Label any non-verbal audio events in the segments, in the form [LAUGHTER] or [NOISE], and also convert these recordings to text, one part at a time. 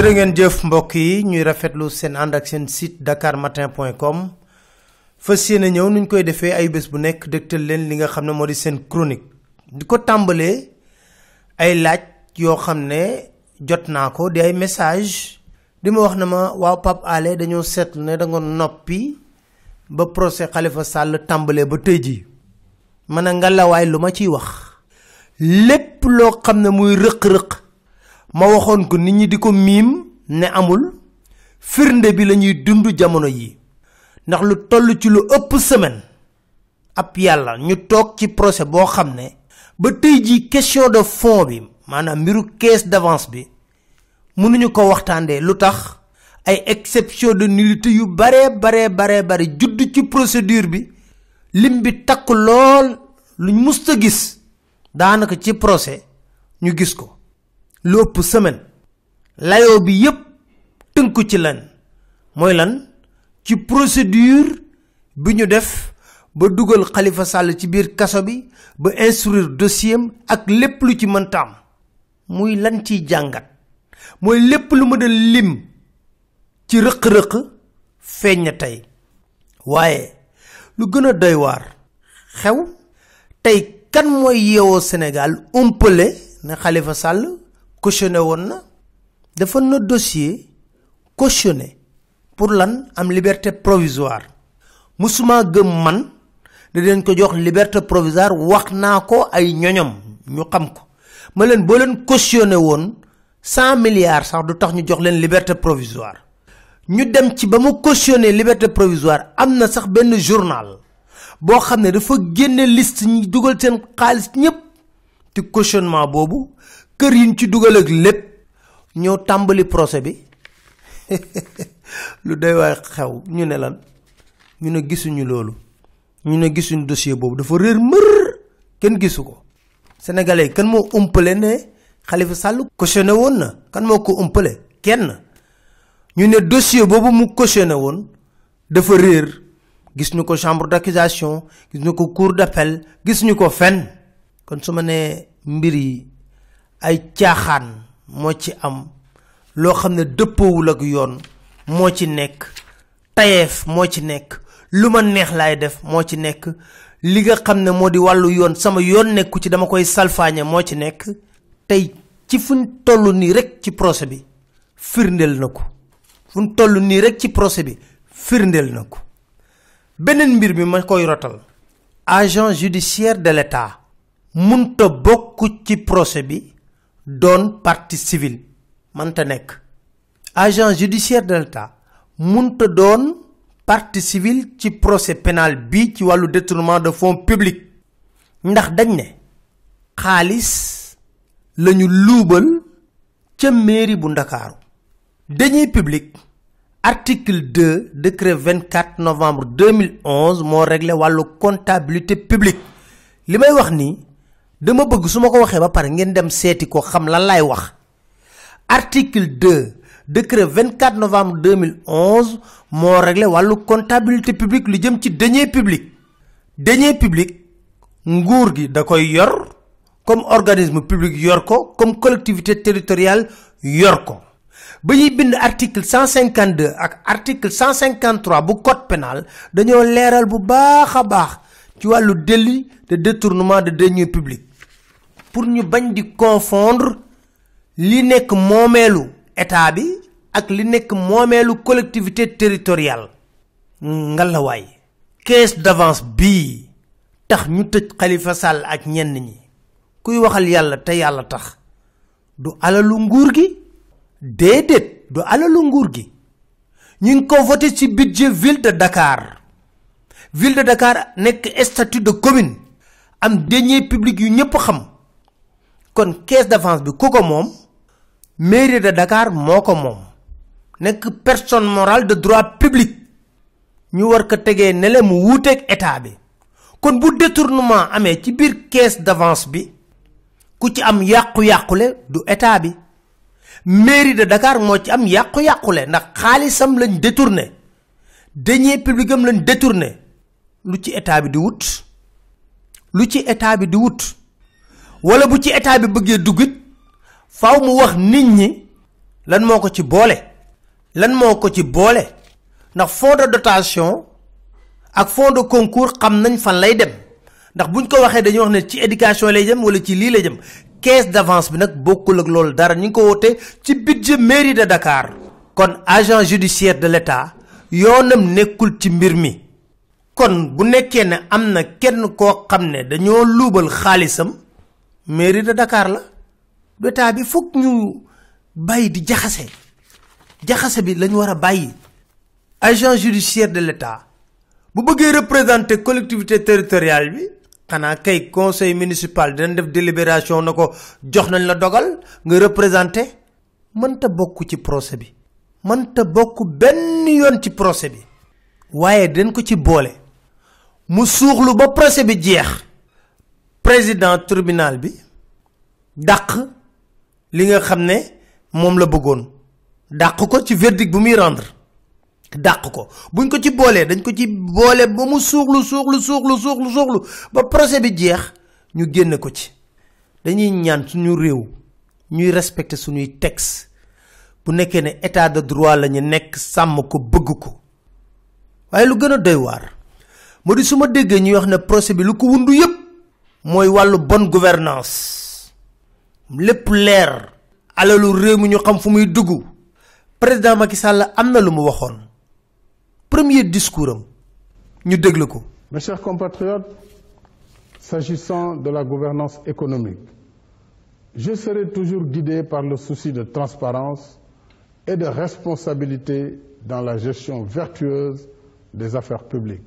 jërë ngeen jëf mbokk yi ñuy rafetlu seen ànd ak seen site dakarmatin.com fas yéene ñëw nuñ koy defee ay bés bu nekk dégtal leen li nga xam ne moo di seen chronique. di ko tàmbalee ay laaj yoo xam ne jot naa ko di ay message di ma wax na ma waaw Pape Alé dañoo seetlu ne da nga noppi ba procès Khalifa Sall tàmbalee ba tëj ji ma ne ngalawaay lu ma ciy wax lépp loo xam ne muy rëq-rëq ma waxoon ko nit ñi ne amul firnde bi lañuy dund jamono yi ndax lu toll ci lu ëpp semaine ab yàlla ñu toog ci procès boo ne ba tey ji question de fond bi maanaam mbiru caisse d'avance bi mënuñu ko waxtaandee lu ay exception de nullité yu bare bare bare bare judd ci procédure bi lim bi musta procès ñu gis lopp semaine layo bi yépp tënku ci lan mooy lan ci procédure bi ñu def ba dugal xalifa sàll ci biir kaso bi ba instruire dossier ak lépp lu ci mënta am muy lan ci jàngat mooy lépp lu ma lim ci rëq-rëq feeñ na tey waaye lu gën a doy waar xew tey kan mooy yeewoo sénégal umpale na xalifa sàll cautionné woon na dafa na dossier cautionné pour lan am liberté provisoire musuma gëm man da den ko jox liberté provisoire wax naa ko ay ñoñom ñu xam ko ma leen bo leen cautionné won 100 milliards sax du tax ñu jox leen liberté provisoire ñu dem ci ba mu cautionné liberté provisoire am sax ben journal bo xamné dafa génné liste ñi dugal sen xaalis ñep ci cautionnement bobu kër yi ñu ci dugal ak lépp ñëw tàmbali procès bi [LAUGHS] lu day waay xew ñu ne lan ñu ne gisuñu loolu ñu ne gisuñu dossier boobu dafa réer mër kenn gisu ko. sénégalais yi kan moo umpale ne xalifa Sall cautionné woon na kan moo ko umpale kenn ñu ne dossier boobu mu cautionné woon dafa réer gis ñu ko chambre d'accusation gis nu ko cour d'appel gis ñu ko fenn kon su ma nee mbir yi. ay caaxaan moo ci am loo xam ne dëppawul ak yoon moo ci nekk tayeef moo ci nekk lu ma neex def ci li nga ne moo yoon sama yoon nekku ci dama koy salfaañe moo ci nekk tey ci fuñ toll nii rek ci procès bi firndel na ko fuñ toll nii rek ci procès bi firndel na ko beneen mbir mi ma koy rotal agent judiciaire de l'état bokk ci procès bi Donne partie civile mënta nekk agent judiciaire de l'État mënta doon partie civile ci procès pénal bi ci walu détournement de fonds publics ndax dañ ne xaalis lañu luubal ca mairie bu Ndakaaru dañuy public article 2 décret 24 novembre 2011 moo réglé walu comptabilité publique li may wax ni dama ba pare ngeen dem ko article 2 décret 24 novembre 2011 moo réglé walu comptabilité publique lu jëm ci deniers public deniers public, comme organisme public yor comme collectivité territoriale yor ko article 152 ak article 153 bu code pénal dañoo leeral bu délit de détournement de deniers public. pour ñu bañ di confondre li nekk moomeelu état bi ak li nekk moomeelu collectivité territoriale ngalawaay caisse d'avance bii tax ñu tëj xalifa sàll ak ñenn ñi kuy waxal yàlla te yàlla tax du alalu nguur gi déedéet du alalu nguur gi ñu ngi ko voté ci budget ville de dakar ville de dakar nekk statut de commune am denier public yu ñëpp xam kon caisse d'avance bi ku mom mairie de Dakar moko mom nek personne morale de droit public ñu war ko tegee ne le mu wuuteeg état bi kon bu détournement amé ci bir caisse d'avance bi ku ci am yàqu yaqulé du état bi mairie de Dakar mo ci am yàqu yaqulé ndax xaalisam lañ détourné denier publicam lañ détourné lu ci état bi di wut lu ci état bi di wut wala bu ci état bi bëggee duggit faw mu wax nit ñi lan moo ko ci boole lan moo ko ci boole ndax fonds de dotation ak fonds de concours xam nañ fan lay dem ndax buñ ko waxee dañuy wax ne ci éducation lay jëm wala ci lii lay jëm caisse d'avance bi nag bokkul ak loolu dara ñu ngi ko wootee ci budget mairie de Dakar kon agent judiciaire de l'État yoonam nekkul ci mbir mi kon bu nekkee ne am na kenn koo xam ne dañoo luubal xaalisam mairie de dakaar la état bi foog ñu bàyyi di jaxase jaxase bi lañu war a bàyyi agent judiciaire de l'état bu bëggee représenter collectivité territoriale bi xanaa kay conseil municipal dana def délibération na ko jox nañ la dogal nga représenter mënta bokk ci procès bi mënta bokk benn yoon ci procès bi waaye dañ ko ci boole mu suuxlu ba procès bi jeex président tribunal bi dàq li nga xam ne moom la bëggoon dàq ko ci verdict bu muy rendre dàq ko buñ ko ci boolee dañ ko ci boole ba mu suuxlu suuxlu suuxlu suuxlu suuxlu ba procès bi jeex ñu génne ko ci dañuy ñaan suñu réew ñuy respecter suñuy texte bu nekkee ne état de droit la ñu nekk sàmm ko bëgg ko waaye lu gën a doy waar moo di su ma déggee ñuy wax ne procès bi lu ko wundu yépp mooy wàllu bonne gouvernance lépp leer président Macky Sall am premier discours ñu Mes chers compatriotes, s'agissant de la gouvernance économique, je serai toujours guidé par le souci de transparence et de responsabilité dans la gestion vertueuse des affaires publiques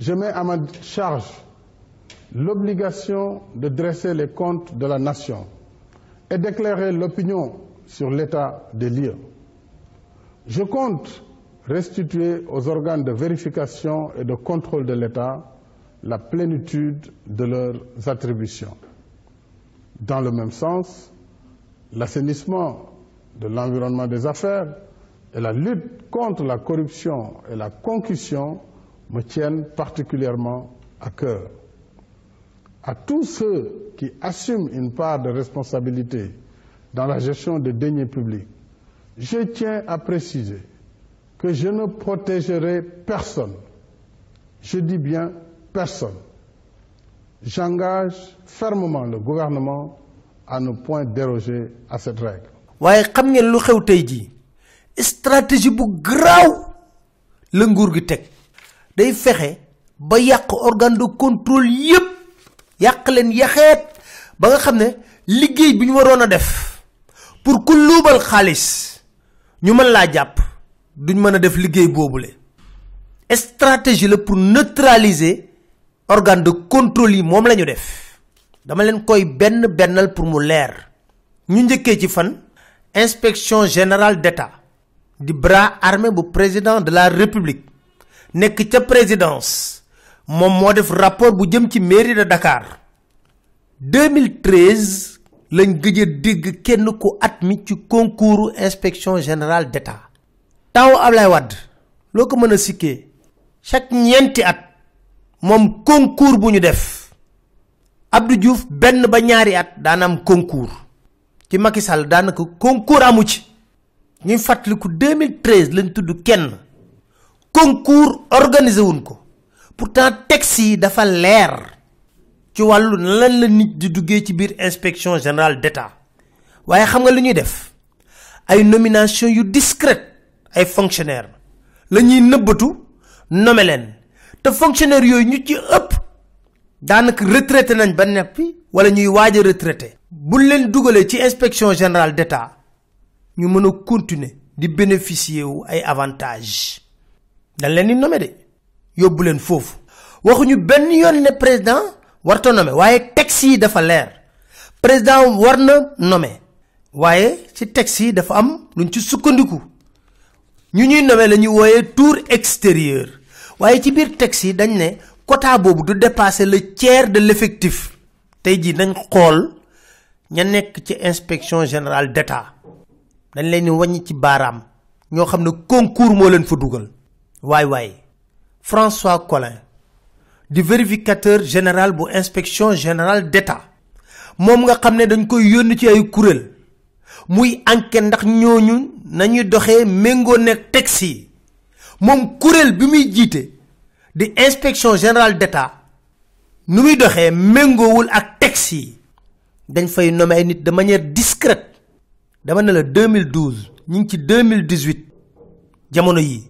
je mets à ma charge l'obligation de dresser les comptes de la nation et d'éclairer l'opinion sur l'état des lieux. Je compte restituer aux organes de vérification et de contrôle de l'État la plénitude de leurs attributions. Dans le même sens, l'assainissement de l'environnement des affaires et la lutte contre la corruption et la concussion me tiennent particulièrement à cœur. À tous ceux qui assument une part de responsabilité dans la gestion des deniers publics, je tiens à préciser que je ne protégerai personne. Je dis bien personne. J'engage fermement le gouvernement à ne point déroger à cette règle. xam stratégie day fexé ba yàq organe de contrôle yépp yàq leen yaxeet ba nga xam ne liggéey bi ñu waroon a def pour ku luubal xaalis ñu mën laa jàpp duñ mën a def liggéey boobule stratégie la pour neutraliser organe de contrôle yi moom la ñu def dama leen koy benn bennal pour mu leer ñu njëkkee ci fan inspection générale d'État di bras armé bu président de la république nek ci présidence mom mo def rapport bu jëm ci mairie de Dakar 2013 lañ gëj dig kenn ku at mi ci concours inspection générale d'État. taw ablay wad loo ko mën chaque ñenti at mom concours bu ñu def Abdou Diouf benn ba ñaari at daan concours ci Macky Sall daanaka concours amu ci ñu fàttaliku 2013 lañ tudd kenn concours organisé wuñ pourtant Taxi dafa ci lan la nit inspection générale d'État waye xam nga nomination yu discrète ay fonctionnaire Ce qui est te fonctionnaire yoy ñu ci ëpp retraité nañ ba wala inspection générale d'État ñu mëna continuer di bénéficier ay avantages dañ leen di nommer de yóbbu leen foofu waxuñu benn yoon ne président warta nommer waaye texte yi dafa leer président war na nome waaye ci texte yi dafa am luñ ci sukkandiku ñu ñuy nommer lañuy wooye tour extérieur waaye ci biir texte yi dañ ne quota boobu du dépasser le tiers de l'effectif tey jii nañ xool ña nekk ci inspection général d'État dañ leen di wàññi ci baaraam ñoo xam ne concours moo leen fa dugal waay waay François Colin, di vérificateur général bu inspection générale d'État moom nga xam ne dañ koy yónni ci ay kuréel muy enquête ndax ñooñu nañu doxee méngoo nekk taxi. yi moom kuréel bi muy jiite di inspection générale d'État nu muy doxee méngoowul ak taxi dañ fay nommer ay nit de manière discrète dama ne la 2012 ñu ngi ci 2018 jamono yii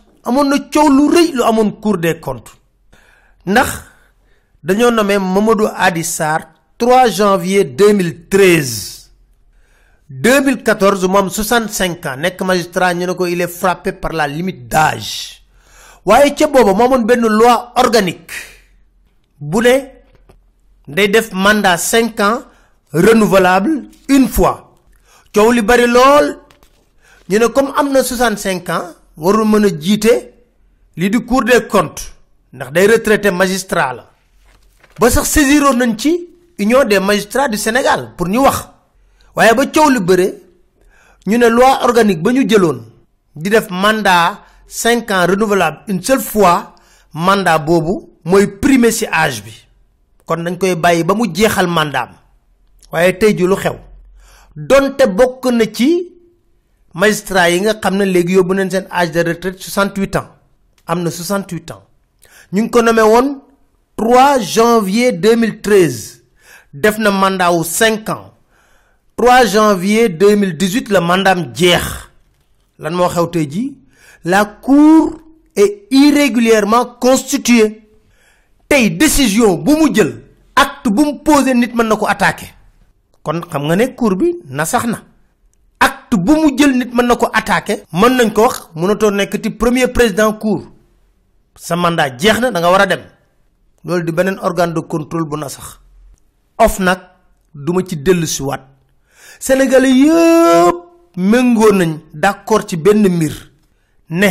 amoon na coow lu reuy lu amoon cour des comptes ndax dañoo nommé Mamadou Hadi sar 3 janvier 2013 2014 mom a 65 ans nek magistrat ñu il est frappé par la limite d'âge Il ci bobu une loi organique Il a day def mandat 5 ans renouvelable une fois Il li bari lol ñu comme amna 65 ans. warul mën a jiite lii di cour des comptes ndax day retraité magistrat la ba sax saisiroon nañ ci union des magistrats du Sénégal pour ñu wax waaye ba coow lu bëre ñu ne loi organique ba ñu jëloon di def mandat cinq ans renouvelable une seule fois mandat boobu mooy primé ci âge bi kon dañ koy bàyyi ba mu jeexal màndaam waaye tey ji lu xew donte bokk na ci magistrat yi nga xam legui âge de retraite 68 ans amna 68 ans Nous ko nommé 3 janvier 2013 def na mandat wu 5 ans 3 janvier 2018 Le mandat jeex lan que xew tay la cour est irrégulièrement constituée Tay décision bu mu jël acte bu mu poser nit ko attaqué kon xam nga ne cour bi bu mu jël nit mën na ko attaqué mën nañ ko wax mënatoo nekk ti premier président cour sa mandat jeex na da nga war a dem loolu di beneen organe de contrôle bu na sax of nag duma ci dellu si waat sénégalais yépp méngoo nañ d' ci benn mir ne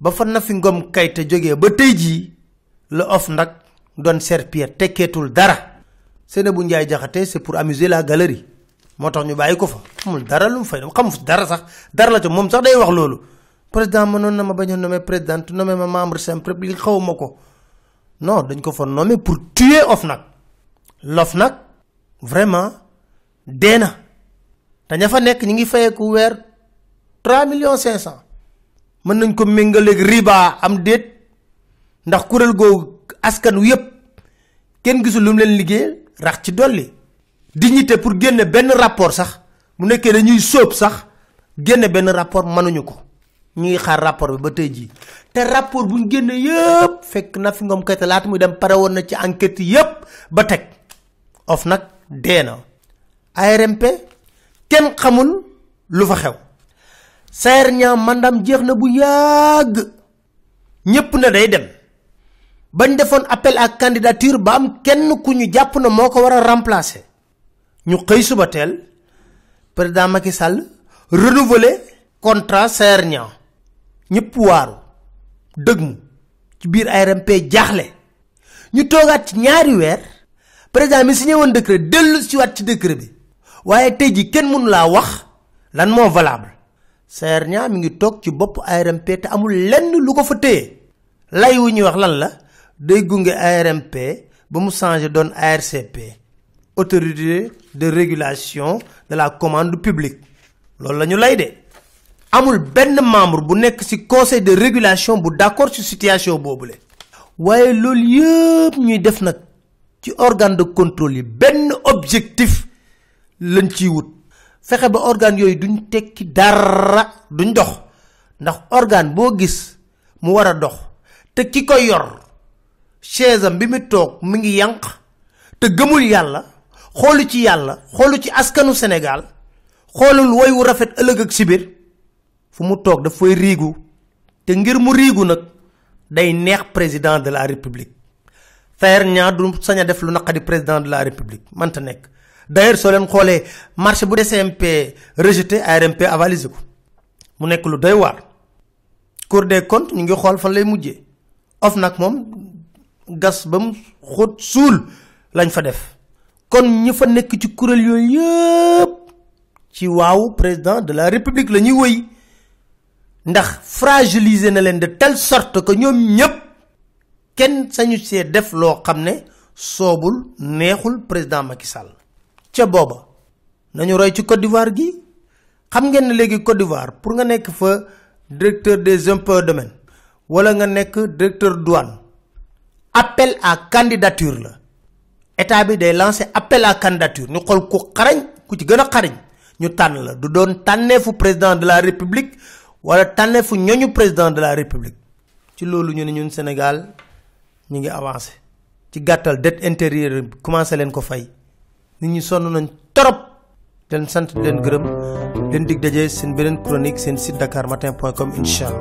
ba fa na fi ngom ofnak jógee ba tey jii of nag doon tekkeetul dara sene bu njaay jaxate c'est pour amuser la galerie motax ñu bayiko fa amul dara lu fay xam fu dara sax dara la ci mom sax day wax lolu président ma non ma bañu nomé président nomé ma membre simple li xawmako non dañ ko fa nomé pour tuer of nak lof nak vraiment dena ta ñafa nek ñi ngi fayé ku wër 3 millions 500 mën nañ ko mengalé riba am deet ndax kurel go askan wi yep ken gisul lum leen liggéey rax ci dolli dignité pour guenne ben rapport sax mu nekké dañuy soop sax guenne ben rapport manuñu ko ñuy xaar rapport bi ba tay ji té rapport buñu guenne yépp fekk na fi ngom kayta laata muy dem paré won na ci enquête yépp ba tek of nak déna ARMP ken xamul lu fa xew sayer ñaam mandam jeex na bu yàgg ñepp na day dem bañ appel à candidature ba am kenn ku ñu jàpp na moko wara remplacer ñu xëy suba teel président Macky Sall renouveler contrat serñan ñëpp waaru dëgmu ci biir ARMP jaaxle ñu toogaat ci ñaari weer président mi signé woon décret dellu si waat ci décret bi ji kenn mënu wax lan moo valable serñan mi ngi tok ci bopp ARMP te amul lenn lu ko fa téye lay wu ñuy wax lan la day ARMP mu ARCP autorité de régulation de la commande publique loolu lañu lay dé. amul benn membre bu nekk ci conseil de régulation bu d'accord ci situation lé. waaye loolu yépp ñuy def nak ci organe de contrôle yi benn objectif lañ ci wut Fexé ba organe yoy duñ tekki dara duñ dox ndax organe bo gis mu wara dox te kiko yor chaise bi mi tok mi ngi yank te gëmul yalla xolu ci yalla xolu ci askanu senegal xolul wayu rafet ëlëg ak sibir fu mu tok daf fay riigu te ngir mu riigu nak day neex président de la république fer ñaa du saña def lu naqadi président de la république manta nek d'ailleurs so len xolé marché bu DCMP rejeté ARMP avalisé ko mu nek lu doy war cour des comptes ñu ngi xol fan lay mujjé of nak mom gas bam xot sul lañ fa def kon ñu fa nek ci kurel yoy yeb ci waaw président de la république la ñuy wëy ndax fragiliser na len de telle sorte que ñom ñep kenn sañu ci def lo xam ne neexul président Macky Sall ci booba nañu roy ci Côte d'Ivoire gi xam ngeen ne légui Côte d'Ivoire pour nga nek fa directeur des impôts domaine wala nga nek directeur douane appel à candidature la état bi day lancer appel à candidature ñu xol ku xarañ ku ci gëna xarañ ñu tan la du doon tanefu président de la république wala tanefu ñoñu président de la république ci loolu ñu ne ñun sénégal ñu ngi avancé ci gàttal dette intérieure commencé leen ko fay nit ñi sonn nañ torop den sant den gërëm den dig dajé seen benen chronique seen site dakar inshallah